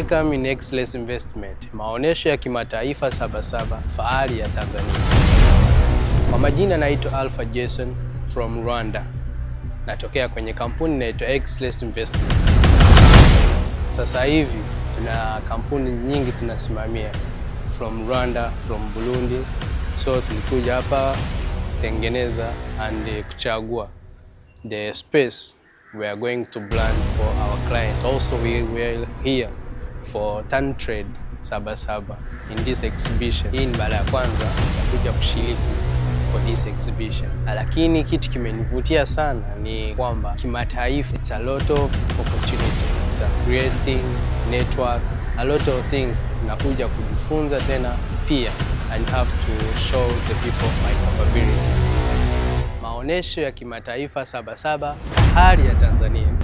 Welcome in Excellence Investment, maonyesho ya kimataifa Sabasaba, fahari ya Tanzania. Kwa majina naitwa Alpha Jason from Rwanda, natokea kwenye kampuni inaitwa Excellence Investment. Sasa hivi tuna kampuni nyingi tunasimamia, from Rwanda, from Burundi, so tulikuja hapa tengeneza and kuchagua the space we are going to plan for our client also we were here for Tan Trade Saba Saba in this exhibition. Hii ni mara ya kwanza kuja kushiriki for this exhibition, lakini kitu kimenivutia sana ni kwamba kimataifa, it's a lot of opportunity, it's a creating network, a lot of things nakuja kujifunza tena pia and have to show the people my capability. Maonesho ya kimataifa Saba Saba, hali ya Tanzania.